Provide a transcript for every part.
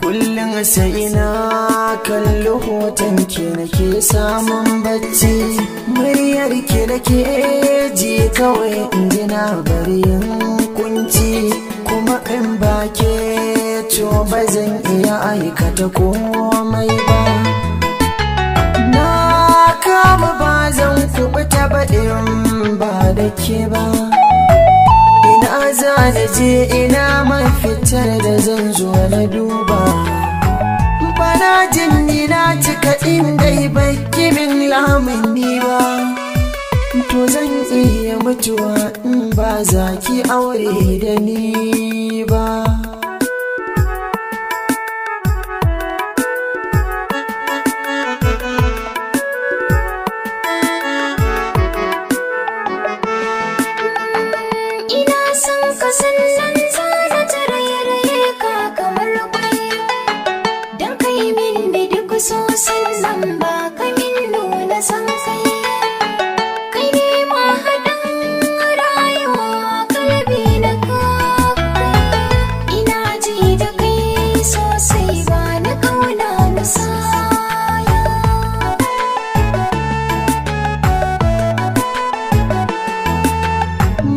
Kullum sai ina kalli hoton ke nake samun bacci Muryar ke nake ji kawai in ji na bari kunci Kuma in ba ke to ba zan iya aikata komai ba Na kama ba zan kuɓuta baɗin ba da ke ba za ni je ina fitar da zan zo na duba bana jin ni na cika indai bai kimin lamuni ba to zan iya mutuwa in ba za ki aure da ni ba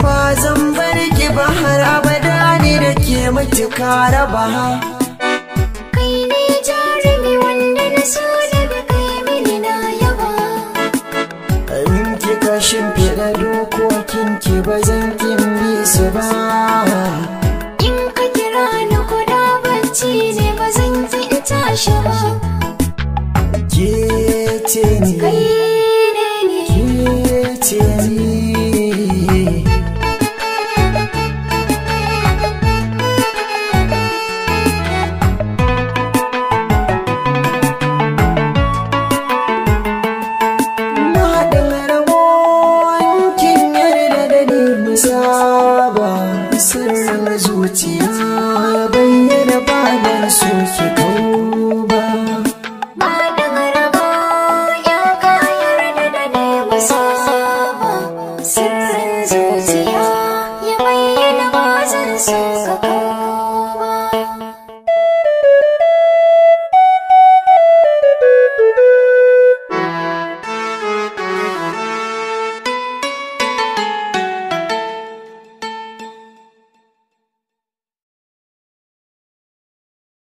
ba zan bar ki ba har abada ne da ke matuka raba kai ne jarumi wanda na so da kai mini na yaba ki kashin shimfiɗa dokokin ki ba zan kin bi su ba in ka kira ni kuda bacci ne ba zan ita shi ba ke ce ni zuciya bayyana ba na so ki ba ba da garaba ya kayar da da ne ba sirrin zuciya ya bayyana ba zan so ka